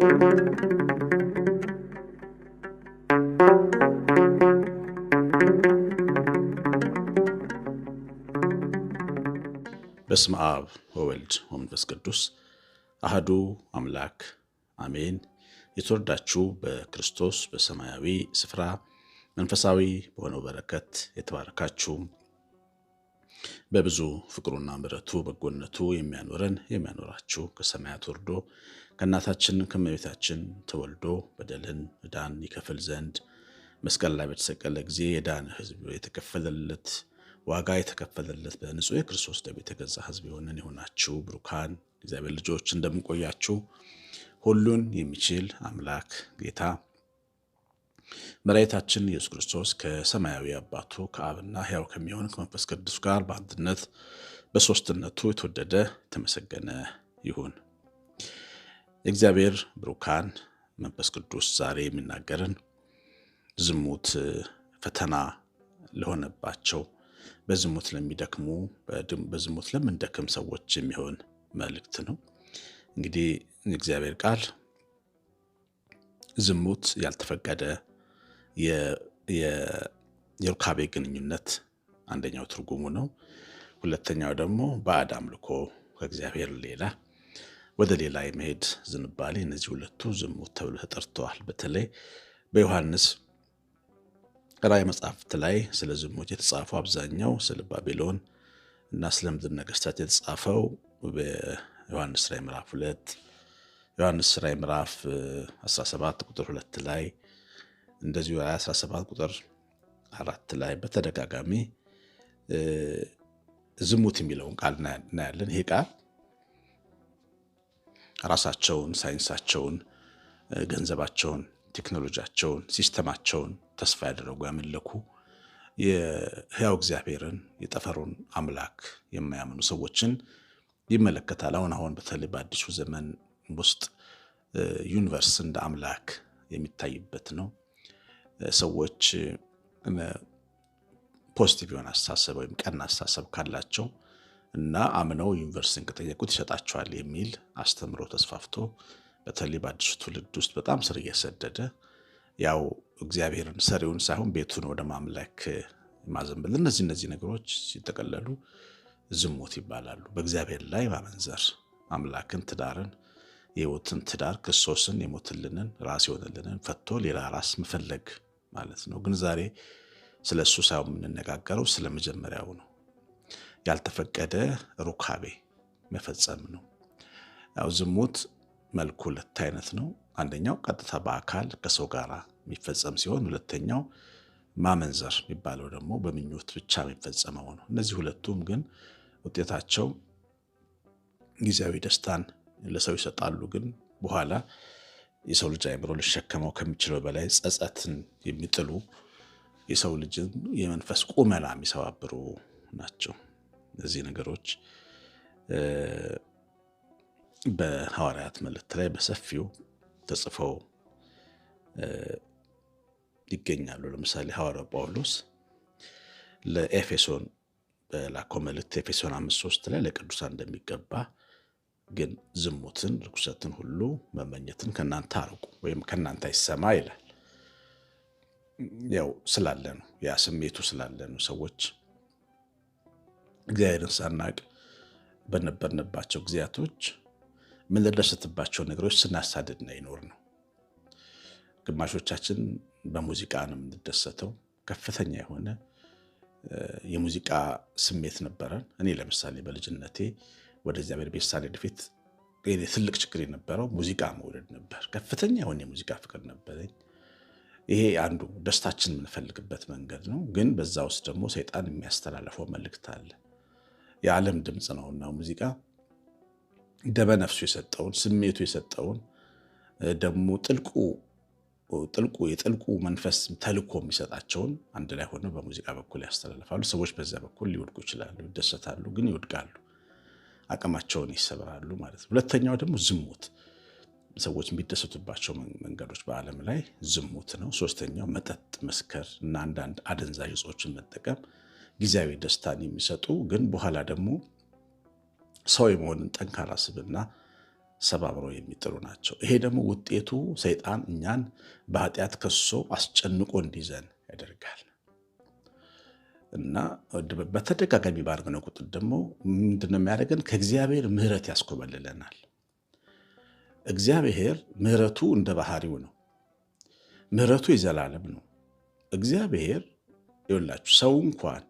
በስመ አብ ወወልድ ወመንፈስ ቅዱስ አህዱ አምላክ አሜን። የተወደዳችሁ በክርስቶስ በሰማያዊ ስፍራ መንፈሳዊ በሆነው በረከት የተባረካችሁ በብዙ ፍቅሩና ምሕረቱ በጎነቱ የሚያኖረን የሚያኖራችሁ ከሰማያት ወርዶ ከእናታችን ከመቤታችን ተወልዶ በደልን ዕዳን ይከፍል ዘንድ መስቀል ላይ በተሰቀለ ጊዜ የዳን ህዝብ የተከፈለለት ዋጋ የተከፈለለት በንጹሕ የክርስቶስ ደም የተገዛ ህዝብ የሆንን የሆናችሁ ብሩካን እግዚአብሔር ልጆች እንደምንቆያችሁ ሁሉን የሚችል አምላክ ጌታ መድኃኒታችን ኢየሱስ ክርስቶስ ከሰማያዊ አባቱ ከአብና ሕያው ከሚሆን ከመንፈስ ቅዱስ ጋር በአንድነት በሶስትነቱ የተወደደ የተመሰገነ ይሁን። የእግዚአብሔር ብሩካን መንፈስ ቅዱስ ዛሬ የሚናገርን ዝሙት ፈተና ለሆነባቸው በዝሙት ለሚደክሙ በዝሙት ለምንደክም ሰዎች የሚሆን መልእክት ነው። እንግዲህ የእግዚአብሔር ቃል ዝሙት ያልተፈቀደ የሩካቤ ግንኙነት አንደኛው ትርጉሙ ነው። ሁለተኛው ደግሞ በአድ አምልኮ ከእግዚአብሔር ሌላ ወደ ሌላ የመሄድ ዝንባሌ እነዚህ ሁለቱ ዝሙት ተብሎ ተጠርተዋል። በተለይ በዮሐንስ ራእይ መጽሐፍት ላይ ስለ ዝሙት የተጻፈው አብዛኛው ስለ ባቢሎን እና ስለ ምድር ነገስታት የተጻፈው በዮሐንስ ራእይ ምዕራፍ ሁለት ዮሐንስ ራእይ ምዕራፍ 17 ቁጥር ሁለት ላይ እንደዚሁ ራእይ 17 ቁጥር አራት ላይ በተደጋጋሚ ዝሙት የሚለውን ቃል እናያለን። ይሄ ቃል ራሳቸውን፣ ሳይንሳቸውን፣ ገንዘባቸውን፣ ቴክኖሎጂያቸውን፣ ሲስተማቸውን ተስፋ ያደረጉ ያመለኩ የህያው እግዚአብሔርን የጠፈሩን አምላክ የማያምኑ ሰዎችን ይመለከታል። አሁን አሁን በተለይ በአዲሱ ዘመን ውስጥ ዩኒቨርስ እንደ አምላክ የሚታይበት ነው። ሰዎች ፖዚቲቭ የሆነ አስተሳሰብ ወይም ቀና አስተሳሰብ ካላቸው እና አምነው ዩኒቨርሲቲን ከጠየቁት ይሰጣቸዋል የሚል አስተምሮ ተስፋፍቶ በተለይ በአዲሱ ትውልድ ውስጥ በጣም ስር እየሰደደ ያው እግዚአብሔርን ሰሪውን ሳይሆን ቤቱን ወደ ማምለክ ማዘንበል እነዚህ እነዚህ ነገሮች ሲጠቀለሉ ዝሙት ይባላሉ። በእግዚአብሔር ላይ ማመንዘር አምላክን፣ ትዳርን፣ የህይወትን ትዳር ክርስቶስን የሞትልንን ራስ የሆነልንን ፈቶ ሌላ ራስ መፈለግ ማለት ነው። ግን ዛሬ ስለ እሱ ሳይሆን የምንነጋገረው ስለ መጀመሪያው ነው። ያልተፈቀደ ሩካቤ መፈጸም ነው። ያው ዝሙት መልኩ ሁለት አይነት ነው። አንደኛው ቀጥታ በአካል ከሰው ጋር የሚፈጸም ሲሆን፣ ሁለተኛው ማመንዘር የሚባለው ደግሞ በምኞት ብቻ የሚፈጸመው ነው። እነዚህ ሁለቱም ግን ውጤታቸው ጊዜያዊ ደስታን ለሰው ይሰጣሉ፣ ግን በኋላ የሰው ልጅ አይምሮ ሊሸከመው ከሚችለው በላይ ጸጸትን የሚጥሉ የሰው ልጅን የመንፈስ ቁመና የሚሰባብሩ ናቸው። እነዚህ ነገሮች በሐዋርያት መልእክት ላይ በሰፊው ተጽፈው ይገኛሉ። ለምሳሌ ሐዋርያው ጳውሎስ ለኤፌሶን በላኮ መልእክት ኤፌሶን አምስት ሶስት ላይ ለቅዱሳን እንደሚገባ ግን ዝሙትን፣ ርኩሰትን ሁሉ መመኘትን ከእናንተ አርቁ ወይም ከእናንተ አይሰማ ይላል። ያው ስላለ ነው፣ ያ ስሜቱ ስላለ ነው ሰዎች እግዚአብሔርን ሳናቅ በነበርንባቸው ጊዜያቶች የምንደሰትባቸው ነገሮች ስናሳድድ ነው ይኖር ነው። ግማሾቻችን በሙዚቃ ነው የምንደሰተው። ከፍተኛ የሆነ የሙዚቃ ስሜት ነበረን። እኔ ለምሳሌ በልጅነቴ ወደ እግዚአብሔር ቤት ሳልሄድ ፊት ትልቅ ችግር የነበረው ሙዚቃ መውደድ ነበር። ከፍተኛ የሆነ የሙዚቃ ፍቅር ነበረኝ። ይሄ አንዱ ደስታችን የምንፈልግበት መንገድ ነው። ግን በዛ ውስጥ ደግሞ ሰይጣን የሚያስተላልፈው መልእክት አለ። የዓለም ድምፅ ነውና ሙዚቃ ደመ ነፍሱ የሰጠውን ስሜቱ የሰጠውን ደግሞ ጥልቁ ጥልቁ የጥልቁ መንፈስ ተልኮ የሚሰጣቸውን አንድ ላይ ሆነው በሙዚቃ በኩል ያስተላልፋሉ። ሰዎች በዛ በኩል ሊወድቁ ይችላሉ፣ ይደሰታሉ፣ ግን ይወድቃሉ፣ አቅማቸውን ይሰብራሉ ማለት ነው። ሁለተኛው ደግሞ ዝሙት፣ ሰዎች የሚደሰቱባቸው መንገዶች በዓለም ላይ ዝሙት ነው። ሶስተኛው መጠጥ፣ መስከር እና አንዳንድ አደንዛዥ እጾችን መጠቀም ጊዜያዊ ደስታን የሚሰጡ ግን በኋላ ደግሞ ሰው የመሆንን ጠንካራ ስብና ሰባብረው የሚጥሩ ናቸው። ይሄ ደግሞ ውጤቱ ሰይጣን እኛን በኃጢአት ከሶ አስጨንቆ እንዲዘን ያደርጋል እና በተደጋጋሚ ባደረግነው ቁጥር ደግሞ ምንድነው የሚያደርገን? ከእግዚአብሔር ምሕረት ያስኮበልለናል። እግዚአብሔር ምሕረቱ እንደ ባህሪው ነው። ምሕረቱ የዘላለም ነው። እግዚአብሔር ይወላችሁ ሰው እንኳን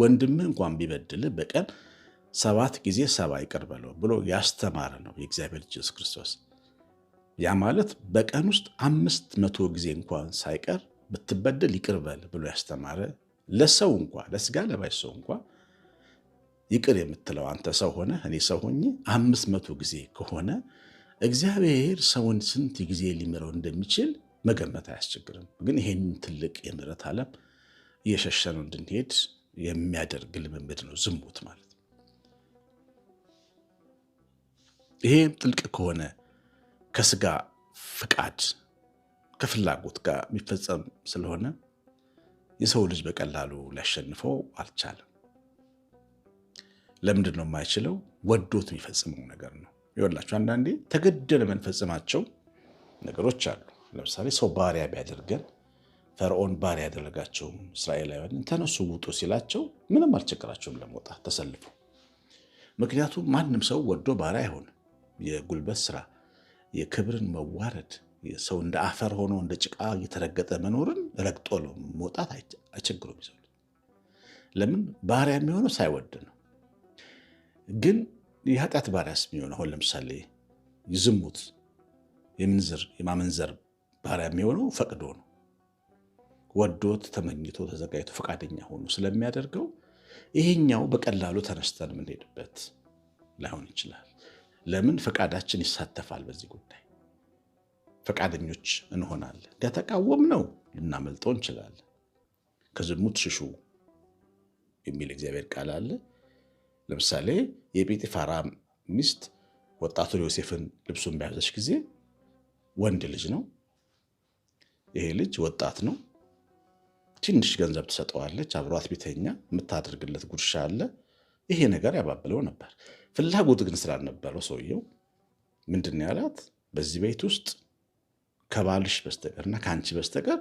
ወንድምህ እንኳን ቢበድል በቀን ሰባት ጊዜ ሰባ ይቅር በለው ብሎ ያስተማረ ነው የእግዚአብሔር ኢየሱስ ክርስቶስ። ያ ማለት በቀን ውስጥ አምስት መቶ ጊዜ እንኳን ሳይቀር ብትበደል ይቅር በል ብሎ ያስተማረ ለሰው እንኳ ለስጋ ለባይ ሰው እንኳ ይቅር የምትለው አንተ ሰው ሆነ እኔ ሰው ሆኜ አምስት መቶ ጊዜ ከሆነ እግዚአብሔር ሰውን ስንት ጊዜ ሊምረው እንደሚችል መገመት አያስቸግርም። ግን ይህንን ትልቅ የምረት ዓለም እየሸሸነው እንድንሄድ የሚያደርግ ልምምድ ነው ዝሙት ማለት። ይሄም ጥልቅ ከሆነ ከስጋ ፍቃድ ከፍላጎት ጋር የሚፈጸም ስለሆነ የሰው ልጅ በቀላሉ ሊያሸንፈው አልቻለም። ለምንድን ነው የማይችለው? ወዶት የሚፈጽመው ነገር ነው። ይወላቸው አንዳንዴ ተገደን የምንፈጽማቸው ነገሮች አሉ። ለምሳሌ ሰው ባሪያ ቢያደርገን ፈርዖን ባሪያ ያደረጋቸው እስራኤላውያን ተነሱ ውጡ ሲላቸው ምንም አልቸገራቸውም ለመውጣት ተሰልፉ። ምክንያቱም ማንም ሰው ወዶ ባሪያ አይሆን የጉልበት ስራ፣ የክብርን መዋረድ፣ ሰው እንደ አፈር ሆኖ እንደ ጭቃ እየተረገጠ መኖርን ረግጦ ነው መውጣት አይቸግሩም። ይዘው ለምን ባሪያ የሚሆነው ሳይወድ ነው። ግን የኃጢአት ባሪያስ የሚሆነ አሁን ለምሳሌ ዝሙት፣ የምንዝር የማመንዘር ባሪያ የሚሆነው ፈቅዶ ነው ወዶት ተመኝቶ ተዘጋጅቶ ፈቃደኛ ሆኖ ስለሚያደርገው ይሄኛው በቀላሉ ተነስተን የምንሄድበት ላይሆን ይችላል። ለምን ፈቃዳችን ይሳተፋል በዚህ ጉዳይ ፈቃደኞች እንሆናለን። ከተቃወም ነው ልናመልጠው እንችላለን። ከዝሙት ሽሹ የሚል እግዚአብሔር ቃል አለ። ለምሳሌ የጲጢፋራ ሚስት ወጣቱን ዮሴፍን ልብሱን በያዘች ጊዜ ወንድ ልጅ ነው ይሄ ልጅ ወጣት ነው ትንሽ ገንዘብ ትሰጠዋለች፣ አብሯት ቤተኛ የምታደርግለት ጉርሻ አለ። ይሄ ነገር ያባብለው ነበር። ፍላጎት ግን ስላልነበረው ሰውየው ምንድን ነው ያላት? በዚህ ቤት ውስጥ ከባልሽ በስተቀር እና ከአንቺ በስተቀር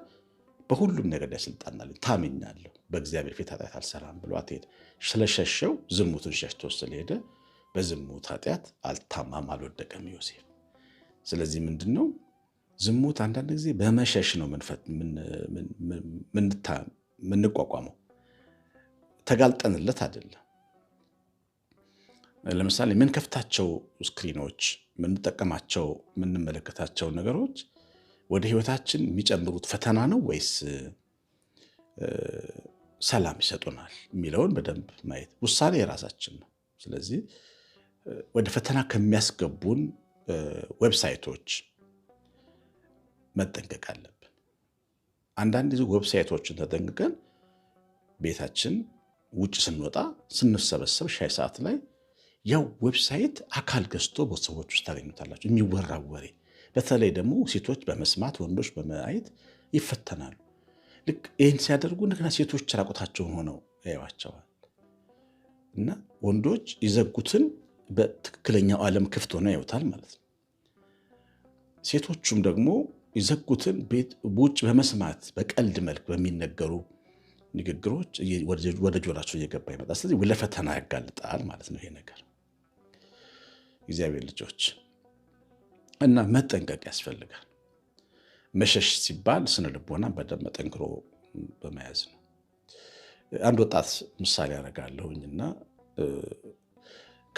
በሁሉም ነገር ላይ ስልጣን አለኝ፣ ታምኛለሁ፣ በእግዚአብሔር ፊት ኃጢአት አልሰራም ብሎ ትሄድ ስለሸሸው ዝሙትን ሸሽቶ ስለሄደ በዝሙት ኃጢአት አልታማም፣ አልወደቀም ዮሴፍ። ስለዚህ ምንድን ነው ዝሙት አንዳንድ ጊዜ በመሸሽ ነው የምንቋቋመው፣ ተጋልጠንለት አይደለም። ለምሳሌ የምንከፍታቸው ስክሪኖች፣ የምንጠቀማቸው፣ የምንመለከታቸው ነገሮች ወደ ህይወታችን የሚጨምሩት ፈተና ነው ወይስ ሰላም ይሰጡናል የሚለውን በደንብ ማየት ውሳኔ የራሳችን ነው። ስለዚህ ወደ ፈተና ከሚያስገቡን ዌብሳይቶች መጠንቀቅ አለብን። አንዳንድ ጊዜ ዌብሳይቶችን ተጠንቅቀን ቤታችን ውጭ ስንወጣ ስንሰበሰብ ሻይ ሰዓት ላይ ያው ዌብሳይት አካል ገዝቶ በሰዎች ውስጥ ታገኙታላችሁ። የሚወራ ወሬ በተለይ ደግሞ ሴቶች በመስማት ወንዶች በማየት ይፈተናሉ። ልክ ይህን ሲያደርጉ እንደገና ሴቶች ራቁታቸውን ሆነው ያዩዋቸዋል እና ወንዶች ይዘጉትን በትክክለኛው ዓለም ክፍት ሆነው ያዩታል ማለት ነው። ሴቶቹም ደግሞ ይዘጉትን ቤት ውጭ በመስማት በቀልድ መልክ በሚነገሩ ንግግሮች ወደ ጆራቸው እየገባ ይመጣል። ስለዚህ ለፈተና ያጋልጣል ማለት ነው ይሄ ነገር። እግዚአብሔር ልጆች እና መጠንቀቅ ያስፈልጋል። መሸሽ ሲባል ስነ ልቦና በደንብ መጠንክሮ በመያዝ ነው። አንድ ወጣት ምሳሌ ያደርጋለሁኝ እና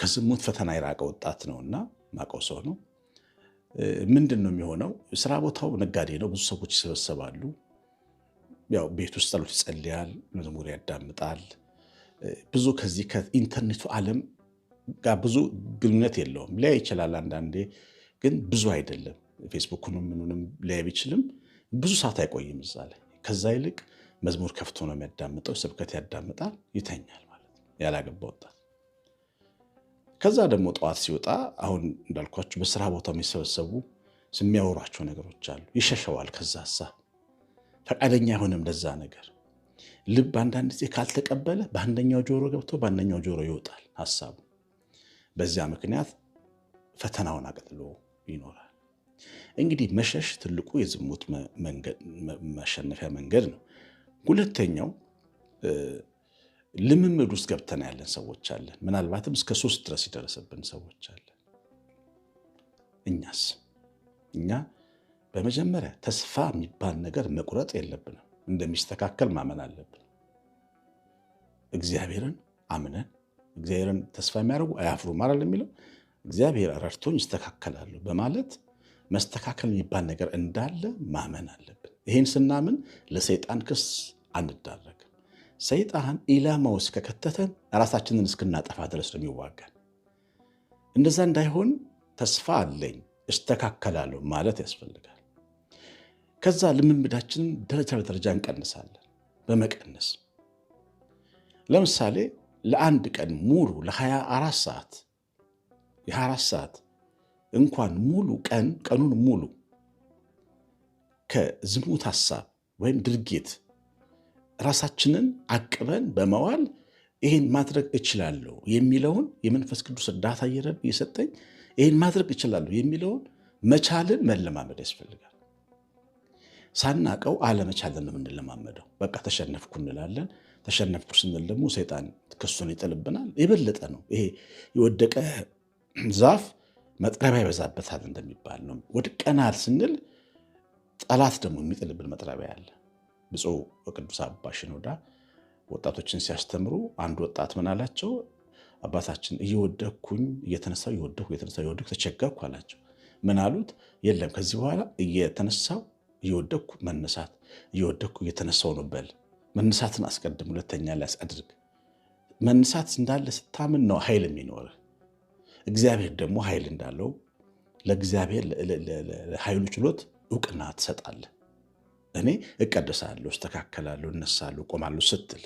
ከዝሙት ፈተና የራቀ ወጣት ነውና ማቀው ሰው ነው ምንድን ነው የሚሆነው? ስራ ቦታው ነጋዴ ነው፣ ብዙ ሰዎች ይሰበሰባሉ። ያው ቤት ውስጥ ጸሎት ይጸልያል፣ መዝሙር ያዳምጣል። ብዙ ከዚህ ከኢንተርኔቱ ዓለም ጋር ብዙ ግንኙነት የለውም። ሊያይ ይችላል አንዳንዴ፣ ግን ብዙ አይደለም። ፌስቡክንም ምኑንም ሊያይ ቢችልም ብዙ ሰዓት አይቆይም እዛ ላይ። ከዛ ይልቅ መዝሙር ከፍቶ ነው የሚያዳምጠው፣ ስብከት ያዳምጣል፣ ይተኛል ማለት ነው ያላገባ ወጣት ከዛ ደግሞ ጠዋት ሲወጣ አሁን እንዳልኳቸው በስራ ቦታው የሚሰበሰቡ የሚያወሯቸው ነገሮች አሉ። ይሸሸዋል፣ ከዛ ሀሳብ ፈቃደኛ አይሆንም ለዛ ነገር። ልብ አንዳንድ ጊዜ ካልተቀበለ በአንደኛው ጆሮ ገብቶ በአንደኛው ጆሮ ይወጣል ሀሳቡ። በዚያ ምክንያት ፈተናውን አቅጥሎ ይኖራል። እንግዲህ መሸሽ ትልቁ የዝሙት መሸነፊያ መንገድ ነው። ሁለተኛው ልምምድ ውስጥ ገብተን ያለን ሰዎች አለን። ምናልባትም እስከ ሶስት ድረስ የደረሰብን ሰዎች አለን። እኛስ እኛ በመጀመሪያ ተስፋ የሚባል ነገር መቁረጥ የለብንም። እንደሚስተካከል ማመን አለብን። እግዚአብሔርን አምነን እግዚአብሔርን ተስፋ የሚያደርጉ አያፍሩ አይደል የሚለው እግዚአብሔር ረድቶኝ ይስተካከላሉ በማለት መስተካከል የሚባል ነገር እንዳለ ማመን አለብን። ይህን ስናምን ለሰይጣን ክስ አንዳረግ። ሰይጣን ኢላማ ውስጥ ከከተተን ራሳችንን እስክናጠፋ ድረስ ነው የሚዋጋን። እንደዛ እንዳይሆን ተስፋ አለኝ እስተካከላለሁ ማለት ያስፈልጋል። ከዛ ልምምዳችን ደረጃ በደረጃ እንቀንሳለን። በመቀነስ ለምሳሌ ለአንድ ቀን ሙሉ ለ24 ሰዓት የ24 ሰዓት እንኳን ሙሉ ቀን ቀኑን ሙሉ ከዝሙት ሀሳብ ወይም ድርጊት ራሳችንን አቅበን በመዋል ይህን ማድረግ እችላለሁ የሚለውን የመንፈስ ቅዱስ እርዳታ እየሰጠኝ ይህን ማድረግ እችላለሁ የሚለውን መቻልን መለማመድ ያስፈልጋል። ሳናቀው አለመቻልን ነው የምንለማመደው። በቃ ተሸነፍኩ እንላለን። ተሸነፍኩ ስንል ደግሞ ሰይጣን ክሱን ይጥልብናል። የበለጠ ነው ይሄ የወደቀ ዛፍ መጥረቢያ ይበዛበታል እንደሚባል ነው። ወድቀናል ስንል ጠላት ደግሞ የሚጥልብን መጥረቢያ አለ። ብፁዕ ወቅዱስ አባ ሽኖዳ ወጣቶችን ሲያስተምሩ አንድ ወጣት ምን አላቸው? አባታችን እየወደኩኝ እየተነሳው እየወደኩ እየተነሳው እየወደኩ ተቸገርኩ አላቸው። ምን አሉት? የለም ከዚህ በኋላ እየተነሳው እየወደኩ መነሳት እየወደኩ እየተነሳው ነው በል። መነሳትን አስቀድም፣ ሁለተኛ ላይ አድርግ። መነሳት እንዳለ ስታምን ነው ኃይል የሚኖርህ። እግዚአብሔር ደግሞ ኃይል እንዳለው ለእግዚአብሔር ለኃይሉ ችሎት እውቅና ትሰጣለህ። እኔ እቀደሳለሁ፣ እስተካከላለሁ፣ እነሳለሁ፣ እቆማለሁ ስትል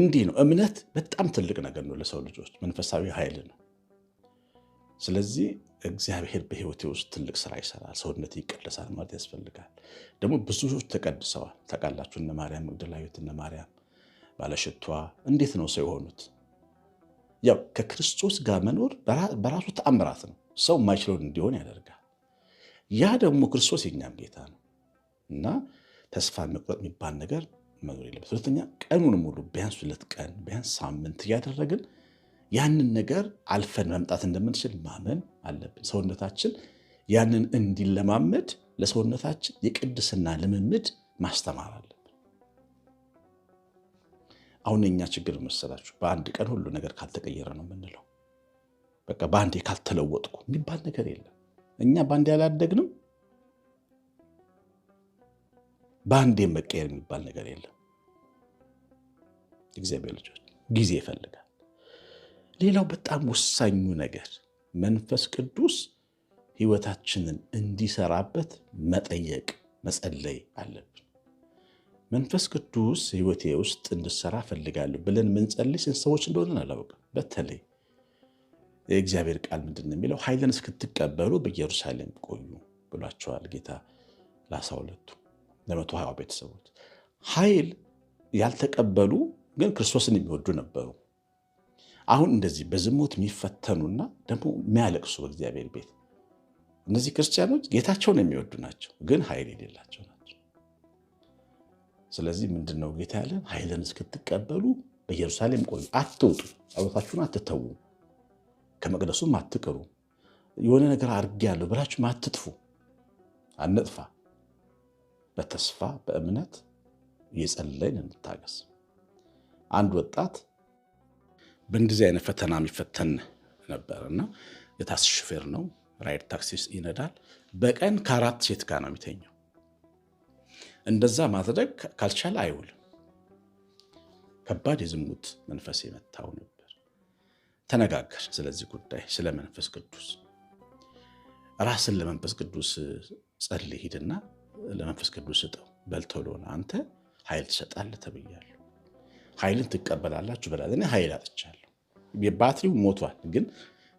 እንዲህ ነው። እምነት በጣም ትልቅ ነገር ነው ለሰው ልጆች መንፈሳዊ ኃይል ነው። ስለዚህ እግዚአብሔር በህይወቴ ውስጥ ትልቅ ስራ ይሰራል። ሰውነት ይቀደሳል ማለት ያስፈልጋል። ደግሞ ብዙ ሰዎች ተቀድሰዋል። ታውቃላችሁ እነ ማርያም መግደላዊት እነ ማርያም ባለሽቷ እንዴት ነው ሰው የሆኑት? ያው ከክርስቶስ ጋር መኖር በራሱ ተአምራት ነው። ሰው የማይችለውን እንዲሆን ያደርጋል። ያ ደግሞ ክርስቶስ የኛም ጌታ ነው። እና ተስፋ መቁረጥ የሚባል ነገር መኖር የለበት። ሁለተኛ ቀኑን ሙሉ ቢያንስ ሁለት ቀን ቢያንስ ሳምንት እያደረግን ያንን ነገር አልፈን መምጣት እንደምንችል ማመን አለብን። ሰውነታችን ያንን እንዲለማመድ ለሰውነታችን የቅድስና ልምምድ ማስተማር አለብን። አሁን የኛ ችግር መሰላችሁ በአንድ ቀን ሁሉ ነገር ካልተቀየረ ነው የምንለው። በቃ በአንዴ ካልተለወጥኩ የሚባል ነገር የለም። እኛ በአንዴ አላደግንም። በአንዴ መቀየር የሚባል ነገር የለም። እግዚአብሔር ልጆች ጊዜ ይፈልጋል። ሌላው በጣም ወሳኙ ነገር መንፈስ ቅዱስ ህይወታችንን እንዲሰራበት መጠየቅ መጸለይ አለብን። መንፈስ ቅዱስ ህይወቴ ውስጥ እንድሰራ ፈልጋለሁ ብለን ምንጸልይ ስንት ሰዎች እንደሆነ አላውቅም። በተለይ የእግዚአብሔር ቃል ምንድን ነው የሚለው? ኃይልን እስክትቀበሉ በኢየሩሳሌም ቆዩ ብሏቸዋል ጌታ ለአስራ ሁለቱ ለመቶ ሀያው ቤተሰቦች ኃይል ያልተቀበሉ ግን ክርስቶስን የሚወዱ ነበሩ። አሁን እንደዚህ በዝሙት የሚፈተኑና ደግሞ የሚያለቅሱ በእግዚአብሔር ቤት እነዚህ ክርስቲያኖች ጌታቸውን የሚወዱ ናቸው፣ ግን ኃይል የሌላቸው ናቸው። ስለዚህ ምንድን ነው ጌታ ያለን? ኃይልን እስክትቀበሉ በኢየሩሳሌም ቆዩ፣ አትውጡ፣ ጸሎታችሁን አትተዉ፣ ከመቅደሱም አትቅሩ፣ የሆነ ነገር አድርጌያለሁ ብላችሁም አትጥፉ፣ አነጥፋ በተስፋ በእምነት እየጸለይን እንታገስ። አንድ ወጣት በእንደዚህ አይነት ፈተና የሚፈተን ነበር እና የታክሲ ሹፌር ነው፣ ራይድ ታክሲ ይነዳል። በቀን ከአራት ሴት ጋር ነው የሚተኘው። እንደዛ ማድረግ ካልቻለ አይውልም። ከባድ የዝሙት መንፈስ የመታው ነበር። ተነጋገር ስለዚህ ጉዳይ፣ ስለ መንፈስ ቅዱስ ራስን ለመንፈስ ቅዱስ ጸልይ ሂድና ለመንፈስ ቅዱስ ስጠው በልተው ለሆነ አንተ ኃይል ትሰጣለህ ተብያለሁ። ኃይልን ትቀበላላችሁ በላ እኔ ኃይል አጥቻለሁ። ባትሪው ሞቷል፣ ግን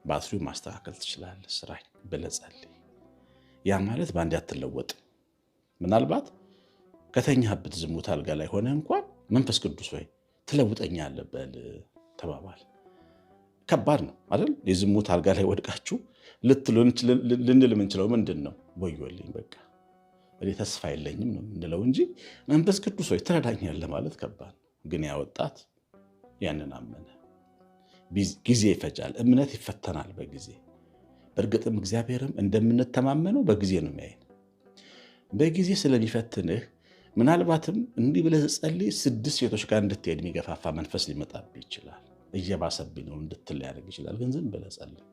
ባትሪው ማስተካከል ትችላለህ። ስራ ብለህ ጸልይ። ያ ማለት በአንድ አትለወጥም። ምናልባት ከተኛህበት ዝሙት አልጋ ላይ ሆነ እንኳን መንፈስ ቅዱስ ወይ ትለውጠኛ አለበል ተባባል። ከባድ ነው አይደል? የዝሙት አልጋ ላይ ወድቃችሁ ልንል የምንችለው ምንድን ነው? ወዮልኝ በቃ እኔ ተስፋ የለኝም ነው የምንለው እንጂ መንፈስ ቅዱስ ሆይ ትረዳኛለህ ማለት ከባድ ነው። ግን ያወጣት ያንን አመነ። ጊዜ ይፈጃል። እምነት ይፈተናል በጊዜ በእርግጥም እግዚአብሔርም እንደምንተማመነው በጊዜ ነው የሚያይን። በጊዜ ስለሚፈትንህ ምናልባትም እንዲህ ብለህ ጸልይ ስድስት ሴቶች ጋር እንድትሄድ የሚገፋፋ መንፈስ ሊመጣብህ ይችላል። እየባሰብኝ ነው እንድትል ያደርግ ይችላል። ግን ዝም ብለህ ጸልይ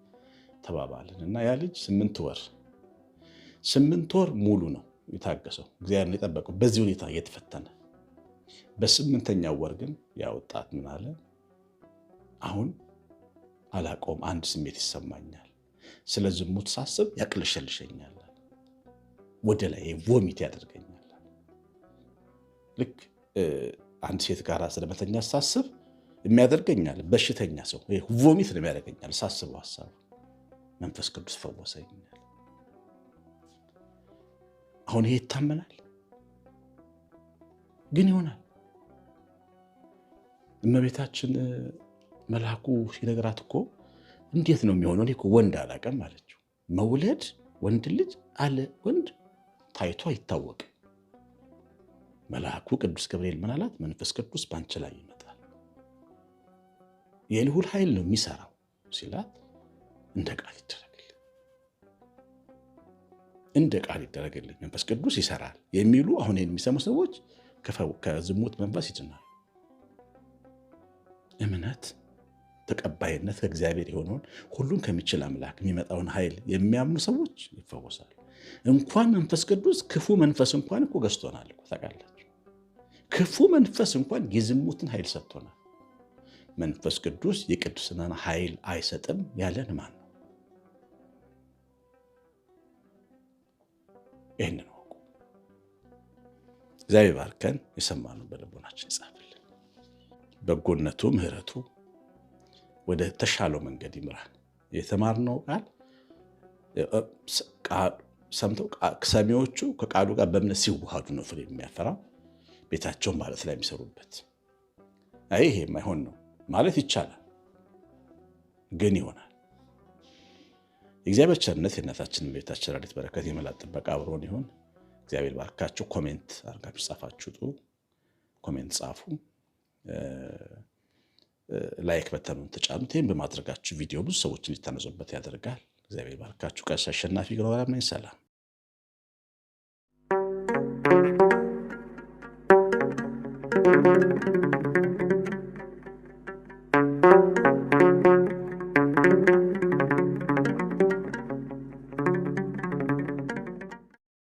ተባባልን እና ያ ልጅ ስምንት ወር ስምንት ወር ሙሉ ነው የታገሰው እግዚአብሔር የጠበቀው በዚህ ሁኔታ እየተፈተነ በስምንተኛው ወር ግን ያወጣት ምን አለ? አሁን አላቆም አንድ ስሜት ይሰማኛል፣ ስለ ዝሙት ሳስብ ያቅለሸልሸኛል፣ ወደ ላይ ቮሚት ያደርገኛል። ልክ አንድ ሴት ጋር ስለመተኛ ሳስብ የሚያደርገኛል፣ በሽተኛ ሰው ቮሚት ነው የሚያደርገኛል። ሳስበው ሀሳብ መንፈስ ቅዱስ ፈወሰኛል። አሁን ይሄ ይታመናል ግን ይሆናል። እመቤታችን መልአኩ ሲነግራት እኮ እንዴት ነው የሚሆነው? እኔ እኮ ወንድ አላውቅም አለችው። መውለድ ወንድ ልጅ አለ ወንድ ታይቶ አይታወቅም። መልአኩ ቅዱስ ገብርኤል ምን አላት? መንፈስ ቅዱስ በአንቺ ላይ ይመጣል፣ የልዑል ኃይል ነው የሚሰራው ሲላት እንደ ቃል ይደረጋል። እንደ ቃል ይደረግልኝ መንፈስ ቅዱስ ይሰራል የሚሉ አሁን የሚሰሙ ሰዎች ከዝሙት መንፈስ ይጭናል። እምነት ተቀባይነት ከእግዚአብሔር የሆነውን ሁሉን ከሚችል አምላክ የሚመጣውን ኃይል የሚያምኑ ሰዎች ይፈወሳሉ። እንኳን መንፈስ ቅዱስ ክፉ መንፈስ እንኳን እኮ ገዝቶናል ታውቃላችሁ። ክፉ መንፈስ እንኳን የዝሙትን ኃይል ሰጥቶናል። መንፈስ ቅዱስ የቅድስናን ኃይል አይሰጥም ያለን ማን ነው? ይህን ወቁ። እግዚአብሔር ባርከን የሰማነውን በልቦናችን ይጻፍልን። በጎነቱ ምሕረቱ ወደ ተሻለው መንገድ ይምራል። የተማርነው ቃል ሰምተው ሰሚዎቹ ከቃሉ ጋር በእምነት ሲዋሃዱ ነው ፍሬ የሚያፈራው ቤታቸውን ማለት ላይ የሚሰሩበት ይሄ የማይሆን ነው ማለት ይቻላል፣ ግን ይሆናል የእግዚአብሔር ቸርነት የእናታችን ቤታችን ረድኤት በረከት የመላ ጥበቃ አብሮን ይሁን። እግዚአብሔር ባርካችሁ። ኮሜንት አርጋችሁ ጻፋችሁ ጡ ኮሜንት ጻፉ፣ ላይክ በተኑን ተጫኑት። ይህም በማድረጋችሁ ቪዲዮ ብዙ ሰዎች እንዲታነጹበት ያደርጋል። እግዚአብሔር ባርካችሁ። ቀሲስ አሸናፊ ግኖበርያም ነኝ። ሰላም Thank you.